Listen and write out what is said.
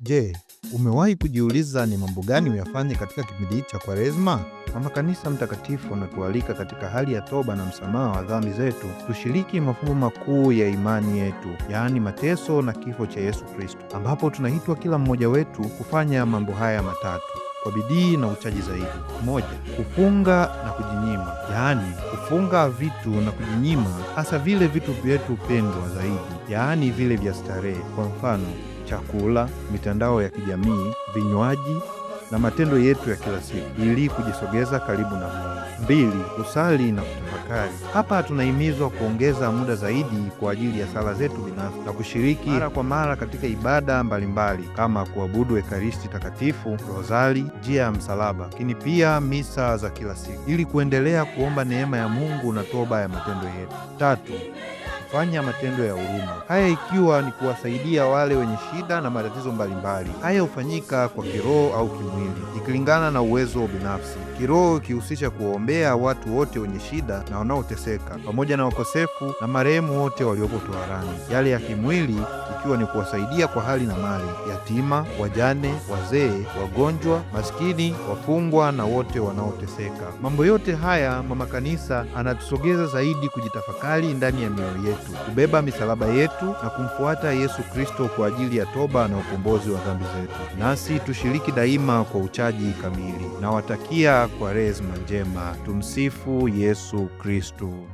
Je, umewahi kujiuliza ni mambo gani uyafanye katika kipindi hiki cha Kwaresma? Mama Kanisa Mtakatifu anatualika katika hali ya toba na msamaha wa dhambi zetu, tushiriki mafumbo makuu ya imani yetu, yaani mateso na kifo cha Yesu Kristo, ambapo tunaitwa kila mmoja wetu kufanya mambo haya matatu kwa bidii na uchaji zaidi. Moja, kufunga na kujinyima, yaani kufunga vitu na kujinyima, hasa vile vitu vyetu pendwa zaidi, yaani vile vya starehe. Kwa mfano chakula, mitandao ya kijamii, vinywaji na matendo yetu ya kila siku ili kujisogeza karibu na Mungu. Mbili, kusali na kutafakari. Hapa tunahimizwa kuongeza muda zaidi kwa ajili ya sala zetu binafsi na kushiriki mara kwa mara katika ibada mbalimbali mbali, kama kuabudu Ekaristi Takatifu, rozari, njia ya msalaba, lakini pia misa za kila siku ili kuendelea kuomba neema ya Mungu na toba ya matendo yetu. Tatu, kufanya matendo ya huruma, haya ikiwa ni kuwasaidia wale wenye shida na matatizo mbalimbali. Haya hufanyika kwa kiroho au kimwili, ikilingana na uwezo binafsi. Kiroho ikihusisha kuwaombea watu wote wenye shida na wanaoteseka, pamoja na wakosefu na marehemu wote waliopo toharani. Yale ya kimwili ikiwa ni kuwasaidia kwa hali na mali, yatima, wajane, wazee, wagonjwa, maskini, wafungwa na wote wanaoteseka. Mambo yote haya Mama Kanisa anatusogeza zaidi kujitafakari ndani ya mioyo yetu wetu, kubeba misalaba yetu na kumfuata Yesu Kristo kwa ajili ya toba na ukombozi wa dhambi zetu, nasi tushiriki daima kwa uchaji kamili. Nawatakia Kwaresma njema. Tumsifu Yesu Kristo.